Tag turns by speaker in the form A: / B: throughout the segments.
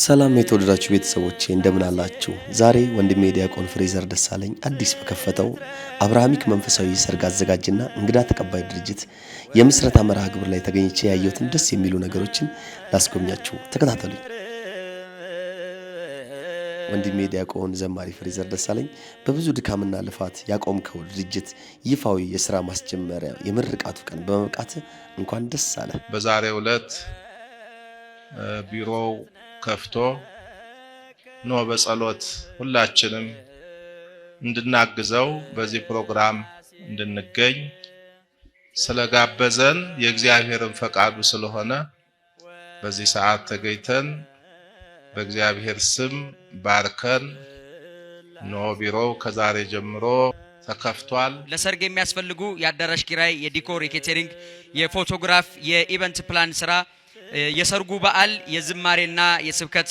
A: ሰላም የተወደዳችሁ ቤተሰቦቼ እንደምን አላችሁ? ዛሬ ወንድሜ ዲያቆን ፍሬዘር ደሳለኝ አዲስ በከፈተው አብርሃሚክ መንፈሳዊ ሰርግ አዘጋጅና እንግዳ ተቀባይ ድርጅት የምስረታ መርሃ ግብር ላይ ተገኝቼ ያየሁትን ደስ የሚሉ ነገሮችን ላስጎብኛችሁ፣ ተከታተሉኝ። ወንድሜ ዲያቆን ዘማሪ ፍሬዘር ደሳለኝ በብዙ ድካምና ልፋት ያቆምከው ድርጅት ይፋዊ የስራ ማስጀመሪያ የምርቃቱ ቀን በመብቃት እንኳን ደስ አለ።
B: በዛሬው ዕለት ቢሮው ከፍቶ ኖ በጸሎት ሁላችንም እንድናግዘው በዚህ ፕሮግራም እንድንገኝ ስለጋበዘን የእግዚአብሔርን ፈቃዱ ስለሆነ በዚህ ሰዓት ተገኝተን በእግዚአብሔር ስም ባርከን ኖ ቢሮው ከዛሬ ጀምሮ ተከፍቷል።
C: ለሰርግ የሚያስፈልጉ የአዳራሽ ኪራይ፣ የዲኮር፣ የኬቴሪንግ፣ የፎቶግራፍ፣ የኢቨንት ፕላን ስራ የሰርጉ በዓል የዝማሬና የስብከት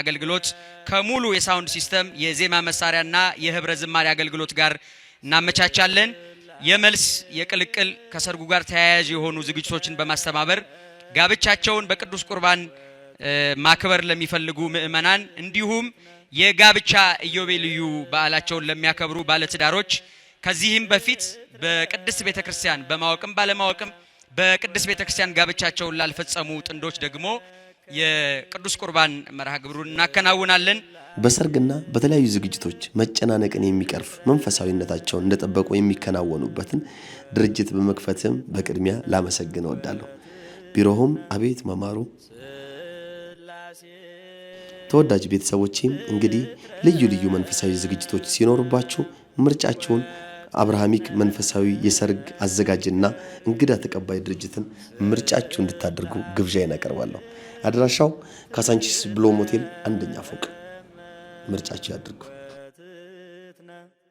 C: አገልግሎት ከሙሉ የሳውንድ ሲስተም የዜማ መሳሪያና የህብረ ዝማሬ አገልግሎት ጋር እናመቻቻለን። የመልስ የቅልቅል ከሰርጉ ጋር ተያያዥ የሆኑ ዝግጅቶችን በማስተባበር ጋብቻቸውን በቅዱስ ቁርባን ማክበር ለሚፈልጉ ምእመናን እንዲሁም የጋብቻ ኢዮቤልዩ በዓላቸውን ለሚያከብሩ ባለትዳሮች ከዚህም በፊት በቅድስት ቤተክርስቲያን በማወቅም ባለማወቅም በቅድስት ቤተክርስቲያን ጋብቻቸውን ላልፈጸሙ ጥንዶች ደግሞ የቅዱስ ቁርባን መርሃ ግብሩን እናከናውናለን።
A: በሰርግና በተለያዩ ዝግጅቶች መጨናነቅን የሚቀርፍ መንፈሳዊነታቸውን እንደጠበቁ የሚከናወኑበትን ድርጅት በመክፈትም በቅድሚያ ላመሰግን እወዳለሁ። ቢሮውም አቤት መማሩ። ተወዳጅ ቤተሰቦቼም እንግዲህ ልዩ ልዩ መንፈሳዊ ዝግጅቶች ሲኖሩባችሁ ምርጫችሁን አብርሃሚክ መንፈሳዊ የሰርግ አዘጋጅና እንግዳ ተቀባይ ድርጅትን ምርጫችሁ እንድታደርጉ ግብዣ ይናቀርባለሁ። አድራሻው ካሳንቺስ ብሎም ሆቴል አንደኛ ፎቅ። ምርጫችሁ ያድርጉ።